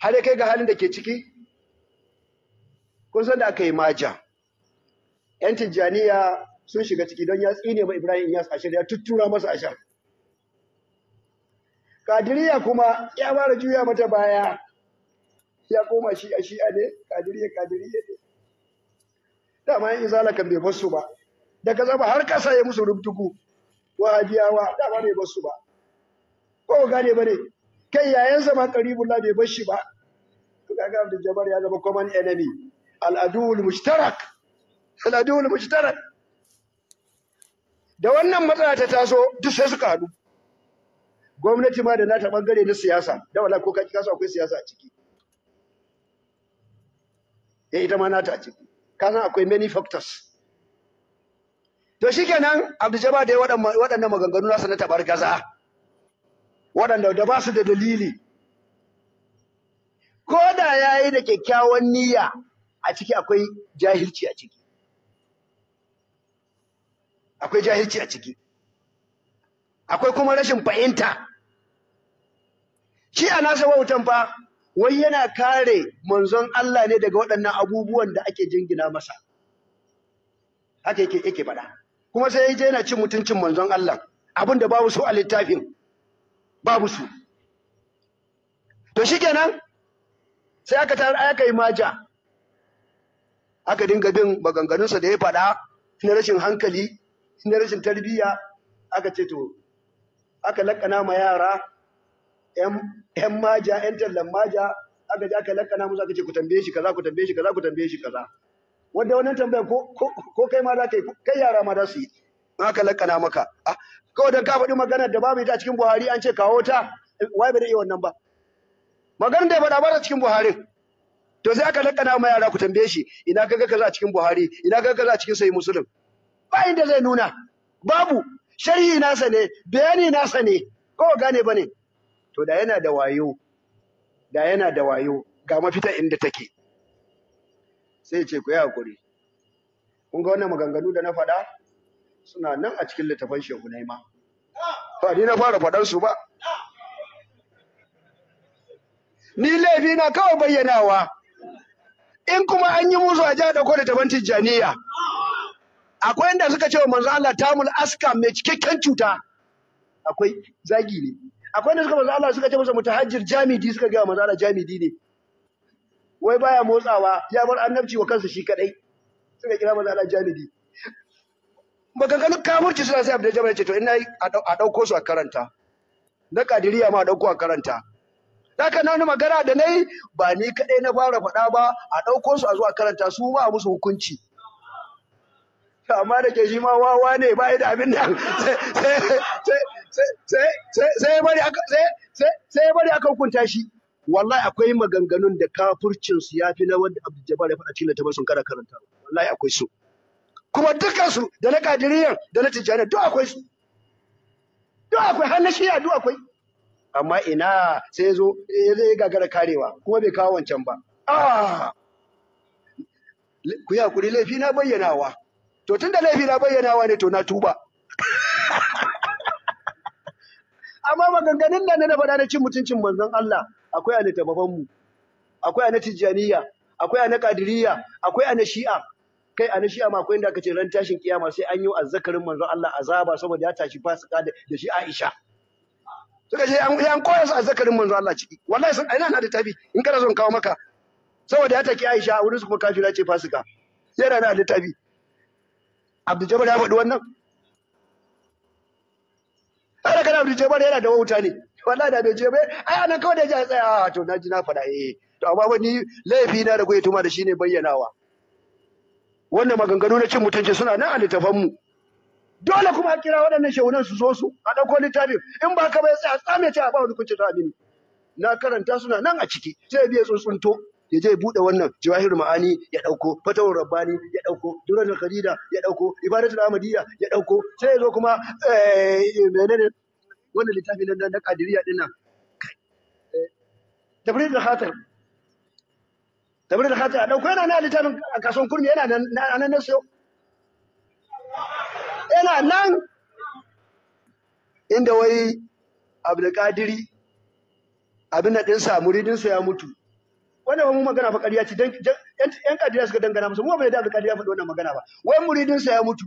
har kai ga halin da ke ciki kun san da aka yi maja yan tijjaniya sun shiga ciki don ya tsine ba ibrahim yas ashar ya tuttura masa ashar kadiriya kuma ya fara juya mata baya ya koma shi a shi'a ne kadiriya kadiriya ne dama yin izala kan bai basu ba daga zama har kasa ya musu rubtuku wahabiyawa dama bai basu ba ko gane ba ne kai yayansa ma karibullah bai bar shi ba to ga Abdul Jabbar ya zama common enemy al aduwul mushtarak al aduwul mushtarak da wannan matsala ta taso duk sai suka haɗu gwamnati ma da nata bangare na siyasa da wala ko kaki kasu akwai siyasa a ciki eh ita ma nata a ciki kasan akwai many factors to shikenan Abdul Jabbar da waɗannan maganganu nasa na tabar gaza waɗanda da ba su da dalili ko da ya yi da kyakkyawan niyya a ciki akwai jahilci a ciki akwai jahilci a ciki akwai kuma rashin fahimta shi a nasa wautan fa wai yana kare manzon Allah ne daga waɗannan abubuwan da ake jingina masa haka yake yake faɗa kuma sai ya je yana cin mutuncin manzon Allah abin da babu so a littafin babu su to shikenan sai aka tarar aka yi maja aka dinga bin maganganunsa da ya faɗa na rashin hankali na rashin tarbiyya aka ce to aka lakana ma yara yan maja yan tallan maja aka ji aka lakana musu aka ce ku tambaye shi kaza ku tambaye shi kaza ku tambaye shi kaza wanda wannan tambayar ko kai ma za ka yi kai yara ma za su yi don aka lakana maka ah kawai dan ka faɗi maganar da babu ita cikin Buhari an ce kawo ta wai bai da iya wannan ba maganar da ya faɗa ba cikin Buhari to sai aka lakana ma yara ku tambaye shi ina kaga kaza a cikin Buhari ina kaga kaza a cikin Sahih Musulun? ba inda zai nuna babu sharhi nasa ne bayani nasa ne ko gane bane to da yana da wayo da yana da wayo ga mafita inda take sai ce ku yi hakuri kun ga wannan maganganu da na faɗa suna nan a cikin littafan shehunai ma ba ni na fara faɗan su ba ni laifi na kawai bayyanawa in kuma an yi musu a jihar da littafan tijjaniya akwai inda suka ce wa manzo Allah tamul aska mai cikakken cuta akwai zagi ne akwai inda suka manzo Allah suka ce masa mutahajjir jamidi suka ga manzo Allah jamidi ne wai baya motsawa ya bar annabci wa kansa shi kadai suka kira manzo Allah jamidi maganganun kamurci suna sai abu jabbar ya ce to ina a ɗauko su a karanta na kadiriya ma a ɗauko a karanta haka na magana da na yi, ba ni kaɗai na fara faɗa ba a ɗauko su a zuwa karanta su ma musu hukunci amma da ke shi ma wawa ne ba da abin da sai ya bari aka hukunta shi wallahi akwai maganganun da kafurcinsu ya fi na wanda abdul jabbar ya faɗa cikin littafin sun kara karanta wallahi akwai su kuma dukansu da na kadiriyar da na tijjani duk akwai su duk akwai har na shiya duk akwai amma ina sai ya zo ya gagara karewa kuma bai kawo wancan ba ah! ku yi hakuri laifi na bayyanawa to tun da laifi na bayyanawa ne to na tuba amma maganganun da na faɗa na cin mutuncin manzon Allah akwai a littafafanmu akwai a na tijjaniya akwai a na kadiriyya akwai a na shi'a kai a nashi amma akwai inda aka ce ran tashin kiyama sai an yi azzakarin manzon Allah azaba saboda ya tashi fasika da shi Aisha suka ce an an koya su azzakarin manzon Allah ciki wallahi sun aina na da tafi in kana son kawo maka saboda ya taki Aisha a wurin su kuma kafira ce fasika yana na da tafi Abdul Jabbar ya faɗi wannan Ana kana Abdul Jabbar yana da wauta ne wallahi da bai je bai ai anan kawai da ya tsaya ah, to na ji na faɗa eh to amma wani laifi na da goyi tuma da shine bayyanawa wannan maganganu na cin mutunci suna nan a littafanmu dole kuma kira waɗannan shehunan su zo su a ɗauko littafin in ba ka bai tsaya tsame ce a ba wani kunci ta na karanta suna nan a ciki sai biye tsuntsunto ya je buɗe wannan jawahir ma'ani ya ɗauko fatawar rabbani ya ɗauko durar khadida ya ɗauko da ahmadiyya ya ɗauko sai ya zo kuma eh, menene wannan littafin na kadiriya dinnan eh, tafrid da khatar tabi da khati a dauko yana nan a a kasuwan kurmi yana nan na siyo yana nan inda wai abdulkadiri abin da muridin muridinsa ya mutu wannan ba mu magana fa kariya ce dan yan kadiriya suka dangana masa mu ba da kadiri ya faɗi wannan magana ba wai muridinsa ya mutu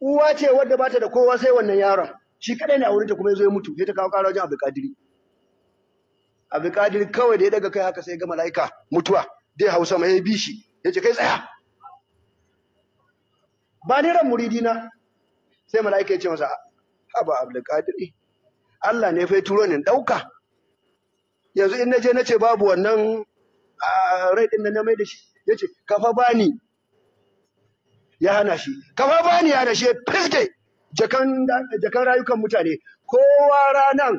uwa ce wadda bata da kowa sai wannan yaron shi kadai ne a ta kuma ya zo ya mutu sai ta kawo ƙara wajen abdulkadiri abdulkadir kawai da ya daga kai haka sai ga mala'ika mutuwa dai hausa ma bi shi ya ce kai tsaya ba ni ran muridina sai mala'ika ya ce masa haba abdulkadir Allah ne fai turo ni dauka yanzu in naje nace babu wannan rai din na mai da shi yace ce kafa bani ya hana shi kafa bani ya hana shi fiske jakan jakan rayukan mutane kowa ranan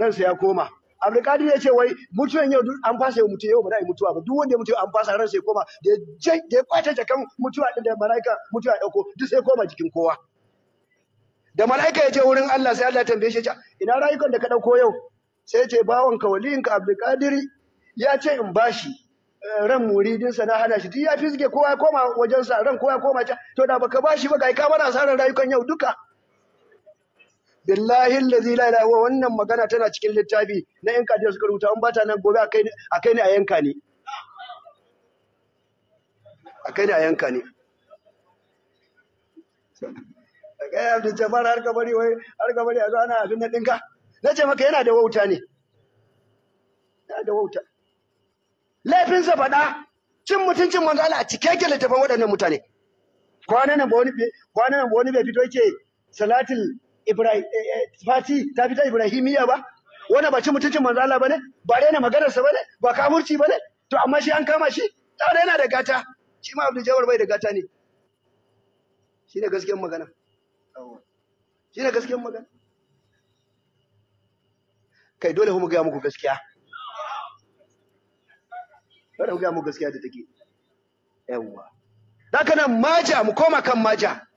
ransa ya koma abdulkadir ya ce wai mutuwan yau an fasa mutu yau ba za a yi mutuwa ba duk wanda mutu an fasa ran sai koma da ya ta jakan mutuwa din da malaika mutuwa ya dauko duk sai koma jikin kowa da malaika ya je wurin Allah sai Allah ya tambaye shi ina rayukan da ka dauko yau sai ya ce bawon ka waliyin ka abdulkadir ya ce in bashi eh, ran muridinsa na hana shi duk ya fizge kowa ya koma wajensa ran kowa ya koma to da baka bashi ba ga ka mana ran rayukan yau duka billahi lazi la ilaha wannan magana tana cikin littafi na in kaje suka rubuta an bata nan gobe akai akai ne a yanka ne akai ne a yanka ne kai abdu jabbar har ka bari wai har ka bari a zo ana abin nan dinka nace maka yana da wauta ne yana da wauta laifinsa faɗa cin mutuncin manzo Allah a cike yake littafin waɗannan mutane kwanan nan ba wani ba wani bai fito yake salatul Eh, eh, Fati ta fi ta Ibrahimiyya ba wanda ba ci mutuncin manzala ba ne? ba rena maganarsa ba ne? ba kafurci ne? to amma shi an kama shi da yana da gata shi ma Abdul Jabbar bai da gata ne ne gaskiyar magana ne gaskiyar magana kai dole mu gaya muku gaskiya dole mu gaya muku gaskiya da take yawwa da kana maja mu koma kan maja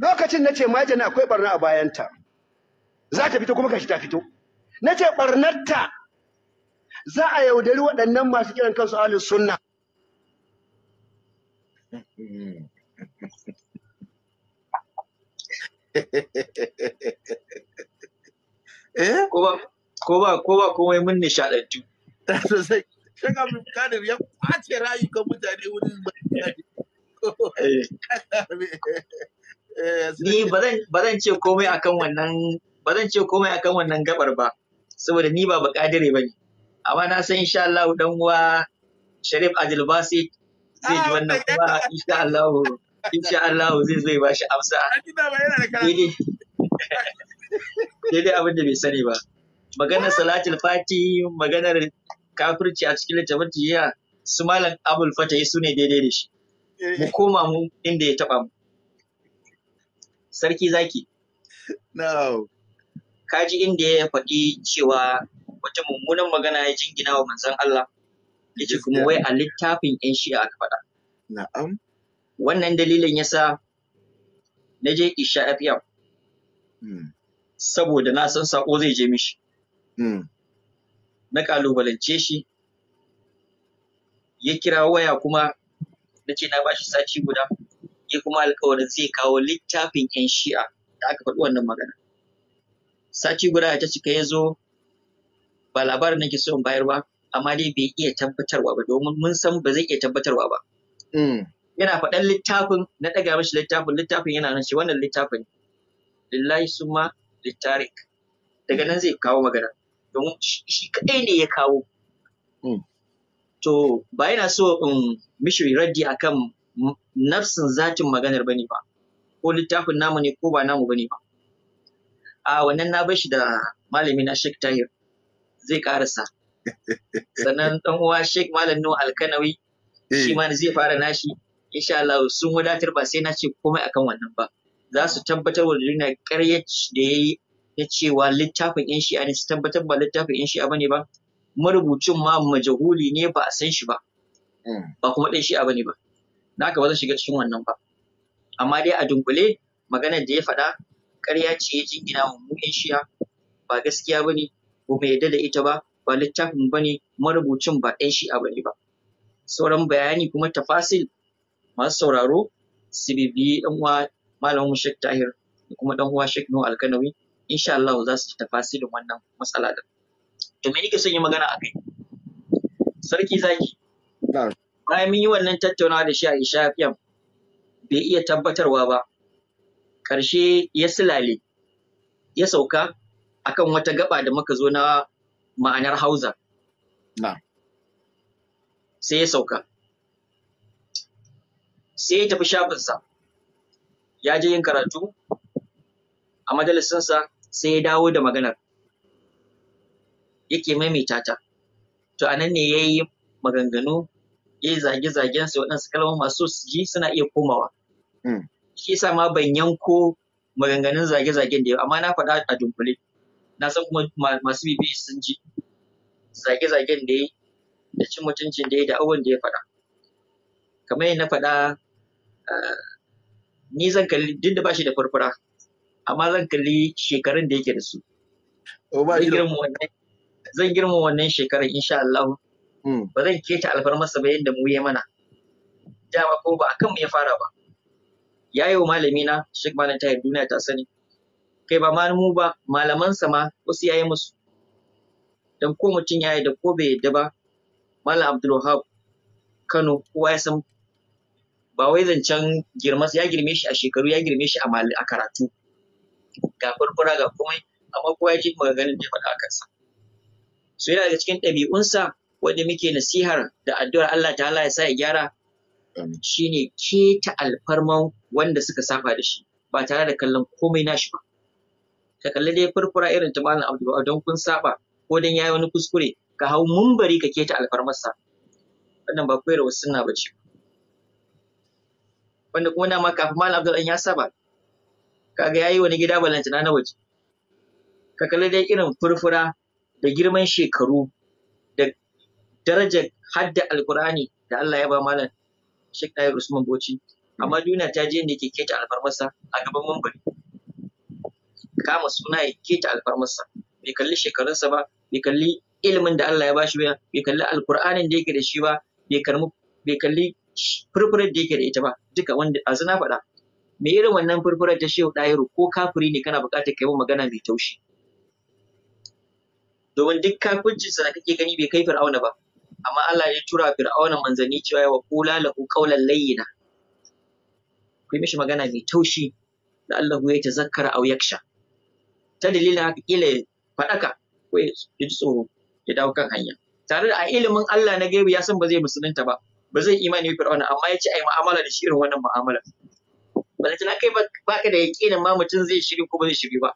lokacin na ce majina akwai barna a bayanta za ta fito kuma kashi ta fito Na nace barnarta za a yaudari waɗannan masu kiran kansu ahlus sunna eh? ko ba ko ba komai mun nishadantu sosai shaka mun kadir ya kwace kan mutane wurin Eh, ni ba zan ce komai akan wannan ba zan ce komai akan wannan gabar ba saboda ni ba ba kadire bane amma na san insha Allah dan uwa Sharif Adil Basit zai ji ah, wannan kuma insha Allah insha Allah zai zai bashi amsa dai abin da bai sani ba maganar salatul fati maganar kafirci a cikin littafin jiya su malam abul fatahi su ne daidai da shi mu koma mu inda ya taba mu sarki zaki. No. Kaji inda ya faɗi cewa wata mummunan magana ya jingina wa manzon Allah. Ya ce kuma wai a littafin 'yan shi'a aka faɗa. Na'am. Wannan dalilin ya sa na je Isha hmm. Saboda na san sako zai je mishi. Hmm. Na ƙalubalance shi. Ya kira waya kuma na ce na bashi sati guda. ya kuma alkawarin zai kawo littafin 'yan shi'a da aka faɗi wannan magana. Sati guda ta cika ya zo ba labarin nake so in bayar ba amma dai bai iya tabbatarwa ba domin mun san ba zai iya tabbatarwa ba. Mm. Yana faɗan littafin na ɗaga mashi littafin littafin yana nan shi wannan littafin lillahi summa littarik daga nan zai kawo magana domin shi kaɗai ne ya kawo. Mm. To ba yana so in mishi raddi akan nafsin zatin maganar bane ba ko littafin namu ne ko ba namu bane ba a wannan na bashi da malami na Sheikh Tahir zai karasa sannan dan uwa Sheikh Malam Nuhu Alkanawi eh. shi ma zai fara nashi insha Allah sun wadatar ba sai na ce komai akan wannan ba za su tabbatar wa duniya ƙaryar da ya yi na cewa littafin yan shi'a ne su tabbatar ba littafin yan shi'a bane ba marubucin ma majahuli ne ba a san shi ba hmm. ba kuma shi shi'a bane ba Na haka ba zan shiga cikin wannan ba. Amma dai a dunkule maganar da ya faɗa ƙarya ce ya jingina wa mu ƴan shiya ba gaskiya ba ne ba yarda da ita ba ba littafin ba ne marubucin ba ƴan shi'a ba ne ba. Sauran bayani kuma tafasil masu sauraro su bibiyi ɗan uwa malamin Sheikh Tahir da kuma ɗan uwa Sheikh Nuhu Alkanawi insha Allah za su ji tafasilin wannan matsala da. To me nake son yi magana a kai? Sarki zaki. bayan mun yi wannan tattaunawa da shi a ishafiyan bai iya tabbatarwa ba ƙarshe ya silale ya sauka akan wata gaba da muka zo na ma'anar hausa sai ya sauka sai ya tafi shafinsa ya je yin karatu a majalisinsa sai ya dawo da maganar yake maimaita ta to a nan ne ya yi maganganu ya eh, yi zage-zagen su waɗansu kalmar masu su ji suna iya komawa. Hmm. Shi sa ma ban yanko maganganun zage-zagen da yau, amma na faɗa a dunkule. Na san kuma masu bibi sun ji zage-zagen da ya da cin mutuncin da ya da awon da ya faɗa. Kamar yadda na faɗa ah, ni zan kalli duk da ba shi da farfara amma zan kalli shekarun da yake da su. Oh, zan girma wannan shekarar insha Allah. Hmm. ba zan keta alfarmarsa ba yadda mu ya mana dama ko ba akan mu ya fara ba ya yi wa malami na Sheikh Malam Tahir duniya ta sani kai ba malamu ba malamansa ma wasu yayi musu dan ko mutum ya da ko bai yadda ba Malam Abdul Wahab Kano kowa ya san ba wai zancen girmas ya girme shi a shekaru ya girme shi a karatu ga furfura ga komai amma kowa ya ce maganin da ya faɗa a kansa so yana daga cikin ɗabi'unsa wanda muke nasihar da addu'ar Allah ta'ala ya sa ya gyara shine keta alfarman wanda suka saba da shi ba tare da kallon komai nashi ba ka kalli dai furfura irin ta malam Abdul don kun saba ko dan yayi wani kuskure ka hau mumbari ka keta sa. wannan ba wasu, sunna bace wanda kuma dama kafin malam Abdul ya saba kaga yayi wani gida balantana na waje ka kalli dai irin furfura da girman shekaru da darajar hadda alkur'ani da Allah ya ba malam Sheikh Tahir Usman Bauchi amma duniya ta je ne ke keta alfarmarsa a gaban mambar kama suna ya keta alfarmarsa bai kalli shekarunsa ba bai kalli ilimin da Allah ya bashi ba bai kalli alkur'anin da yake da shi ba bai karmu bai kalli furfurar da yake da ita ba duka wanda a zina faɗa me irin wannan furfurar ta shehu ɗahiru ko kafiri ne kana buƙatar kai magana mai taushi domin duk kafircinsa da kake gani bai kai fir'auna ba amma Allah ya tura fir'auna manzanni cewa wa qula lahu qaulan layyina ku yi mishi magana mai taushi da Allah ya tazakkara aw yaksha ta dalilin haka kila ya fadaka ko ya ji tsoro ya dawo kan hanya tare da a ilimin Allah na gaibi ya san ba zai musulunta ba ba zai imani fir'auna amma ya ce ai mu'amala da shi irin wannan mu'amala ba na kai baka da yaƙinin ma mutum zai shiri ko ba zai shiri ba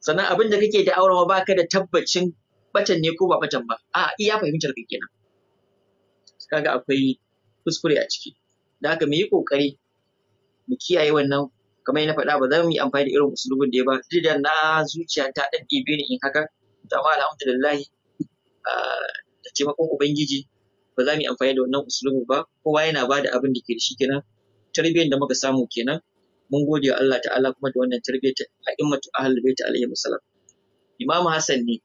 sannan abin da kake da aure ma baka da tabbacin batan ne ko ba batan ba a iya fahimtar ka kenan kaga akwai kuskure a ciki da haka mu yi kokari mu kiyaye wannan kamar na faɗa ba za mu yi amfani da irin usulubin da ya ba duk da na zuciya ta ɗan ɗebe ni in haka amma alhamdulillah ah, da taimakon ubangiji ba za mu yi amfani da wannan usulubin ba kowa yana ba da abin da ke da shi kenan tarbiyyar da muka samu kenan mun gode wa Allah ta'ala kuma da wannan tarbiyyar ta a'immatu ahlul bait alaihi wasallam imamu hasan ne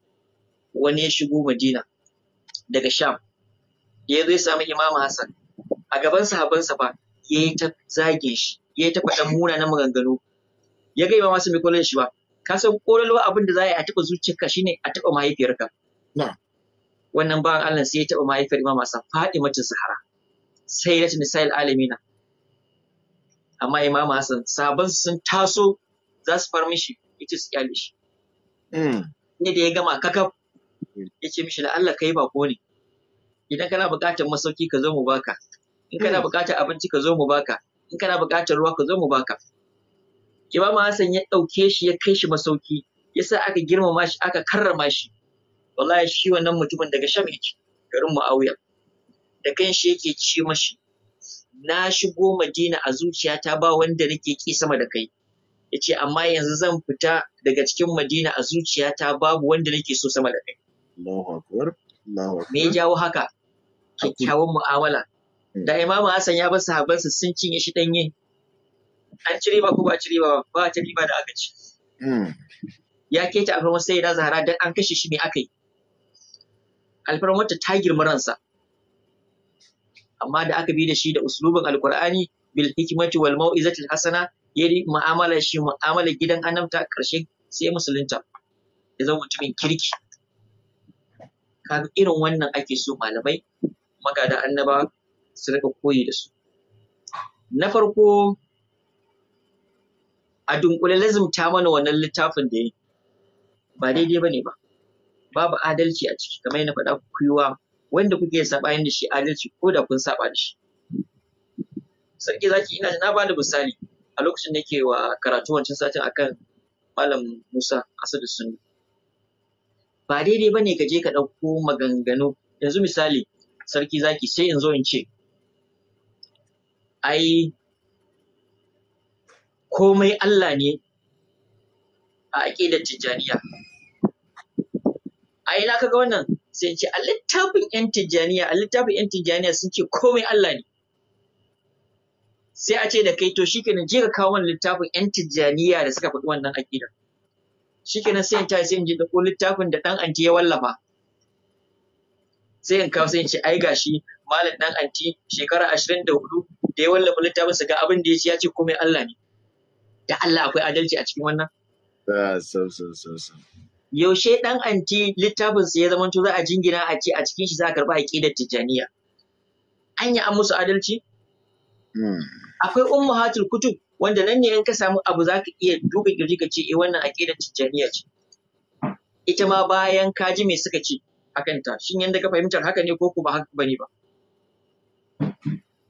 wani ya shigo madina daga sham ya zo ya samu imamu hassan a gaban sahabansa ba, ya yi ta zage shi ya yi ta muna na maganganu ya ga imamu hassan bai kwallon shi ba ka san ƙololuwa abin da za a yi a taɓa zuciyarka shine a taɓa mahaifiyarka Na, wannan bawan Allah sai ya taɓa mahaifiyar imamu hassan faɗi macin sahara sai ya tuni misal alamina amma imamu hassan sahabansa sun taso za su far mishi ita su kyale shi ne hmm. da ya gama kakaf ya ce mishi la'alla kai bako ne idan kana buƙatar masauki ka zo mu baka in kana hmm. buƙatar abinci ka zo mu baka in kana buƙatar ruwa ka zo mu baka Imamu Hassan ya ɗauke shi ya kai shi masauki ya sa aka girmama shi aka karrama shi wallahi shi wannan mutumin daga Sham yake garin Muawiya da kan shi yake ci mashi na shigo Madina a zuciyata ba wanda nake ki sama da kai yace amma yanzu zan fita daga cikin Madina a zuciyata babu wanda nake so sama da kai Me ya jawo haka? Kyakkyawan mu'amala. Hmm. Da Imamu Hassan ya bar sahabbansa sun cinye shi danye. An ci riba ko ba ci riba ba ta riba da aka ci. Hmm. Ya keta alfarmar sai da zahara dan an kashe shi ne aka yi. Alfarmar ta girma ransa. Amma da aka bi da shi da uslubin Alkur'ani bil hikmati wal mau'izatil hasana ya yi mu'amala shi mu'amala gidan annabta ƙarshe sai musulunta ya zama mutumin kirki kaga irin wannan ake so malamai magada annaba su rika koyi da su na farko a dunkule lazumta mana wannan littafin da ya ba daidai ba ne ba babu adalci a ciki kamar na faɗa kuyuwa wanda kuke saɓani da shi adalci ko da kun saɓa da shi sarki zaki ina na ba da misali a lokacin da ke wa karatu wancan satin akan malam musa asadu sunni ba daidai ba ne ka je ka ɗauko maganganu yanzu misali sarki zaki sai in zo in ce ai komai Allah ne a aƙidar tijjaniya ai na kaga wannan sai in ce a littafin yan tijjaniya a littafin yan tijjaniya sun ce komai Allah ne sai a ce da kai to shi kenan je ka kawo wannan littafin yan tijjaniya da suka faɗi wannan aƙidar nan sai in tashi sai in je dauko littafin da dan anti ya wallafa sai in kawo sai in ce ai gashi malam dan anti shekara ashirin da hudu da ya wallafa littafin su ga abin da ya ce ya ce komai Allah ne da Allah akwai adalci a cikin wannan yaushe dan anti littafin su ya zama to za a jingina a ce a cikin shi za a karba aqidar tijaniya anya an musu adalci hmm. akwai hatul kutub wanda nan ne in ka samu abu za ka iya duba kirji ka ce eh wannan aƙidar tijjaniya ce ita ma bayan ka ji me suka ce a kanta shin yanda ka fahimtar haka ne ko ba haka bane ba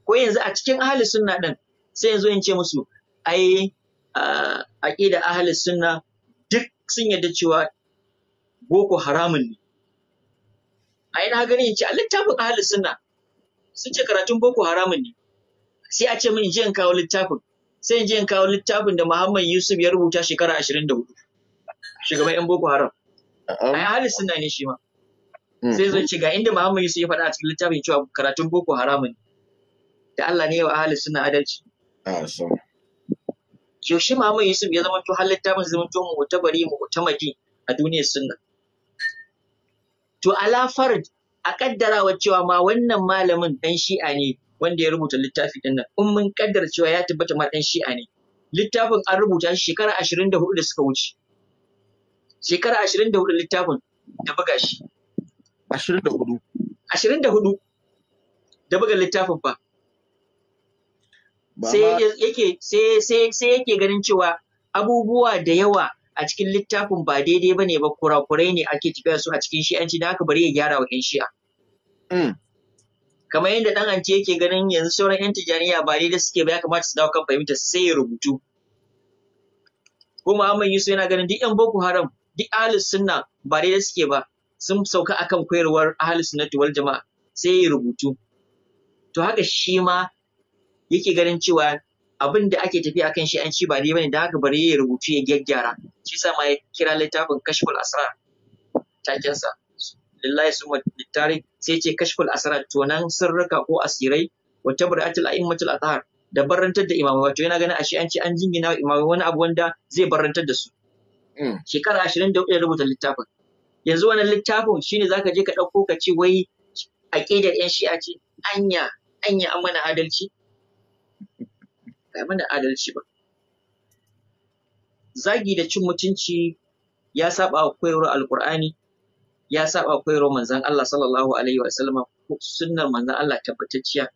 ko yanzu a cikin ahli sunna din sai yanzu in ce musu ai aƙidar ahli sunna duk sun yarda cewa boko haramun ne a ina gani in ce a littafin ahli sunna sun ce karatun boko haramun ne sai a ce min je in kawo littafin sai in je in kawo littafin da Muhammad Yusuf ya rubuta shekara 24 shugaban yan Boko Haram yi halin suna ne shi ma hmm. sai zo ci ga inda Muhammad Yusuf ya faɗa a cikin littafin cewa karatun Boko Haram ne da Allah ne ya wa ahli suna adalci yaushe Muhammad Yusuf ya zama to har littafin zama to ta mu'tamadi a duniyar sunna to ala fard a kaddarawa cewa ma wannan malamin dan shi'a ne wanda ya rubuta littafi ɗin nan in mun kaddara cewa ya tabbata ma ɗan shi'a ne littafin an rubuta shi shekara ashirin da hudu da suka wuce shekara ashirin hudu littafin da buga shi hudu ashirin da buga littafin fa sai yake sai sai sai yake ganin cewa abubuwa da yawa a cikin littafin ba daidai ba ne ba kurakurai ne ake tafiya su a cikin shi'anci da haka bari ya gyara wa 'yan shi'a. Mm. kamar yadda dan ance yake ganin yanzu sauran yan tijaniya ba da suke ba ya kamata su dawo kan fahimta sai ya rubutu ko Muhammad Yusuf yana ganin duk yan Boko Haram duk ahlus sunna ba da suke ba sun sauka akan koyarwar ahlus sunna wal jama'a sai ya rubutu to haka shi ma yake ganin cewa abin da ake tafi akan shi an ci ba daidai bane da haka bari ya rubutu ya gyaggyara shi sa ma ya kira littafin kashful asrar takensa Abdullahi Sumar Tare, sai ce kashful asrar tonan sirrika ko asirai wa tabra'atul a'immatul athar da barantar da imamai wato yana ganin ashe an ce an jingina wa imamai wani abu wanda zai barantar da su mm. shekara ashirin da ya rubuta littafin yanzu wannan littafin shine zaka je ka ɗauko ka ce wai aƙidar yan shi'a ce anya anya an mana adalci ba mana adalci ba zagi da cin mutunci ya saba wa koyarwar alkur'ani ya saba koyarwar manzan Allah sallallahu alaihi wa sallama sunnar manzan Allah tabbatacciya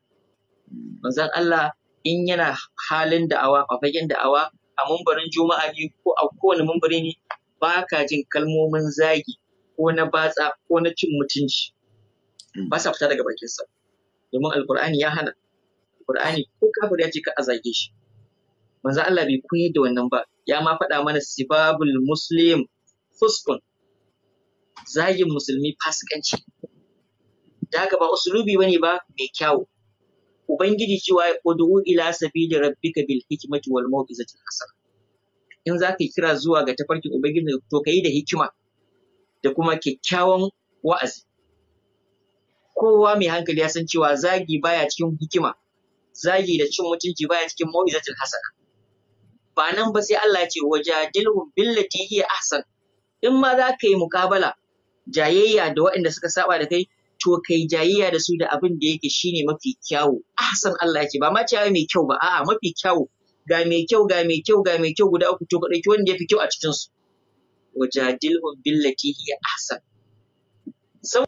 manzan Allah in yana halin da'awa a fagen da'awa a mumbarin juma'a ne ko a kowane mumbari ne ba ka jin kalmomin zagi ko na batsa ko na cin mutunci ba sa fita daga bakin sa. domin alqur'ani ya hana alqur'ani ko kafir ya ce ka a zage shi manzan Allah bai koyar da wannan ba ya ma faɗa mana sibabul muslim fuskun zagin musulmi fasikanci da haka ba usulubi bane ba mai kyawu ubangiji cewa ud'u ila sabili rabbika bil hikmati wal mau'izati hasana in zaka kira zuwa ga tafarkin ubangiji to kai da hikima da kuma kyakkyawan wa'azi kowa mai hankali ya san cewa zagi baya cikin hikima zagi da cin mutunci baya cikin mau'izatul hasana ba nan ba sai Allah ya ce wajadilhum billati hiya ahsan in ma za ka yi muƙabala jayayya da waɗanda suka saba da kai to kai jayayya da su da abin da yake shine mafi kyawu ahsan Allah yake ba ma ciyawa mai kyau ba a'a mafi kyawu ga mai kyau ga mai kyau ga mai kyau guda uku to ka ki wanda yafi kyau a cikin su wajadilhum billati hiya ahsan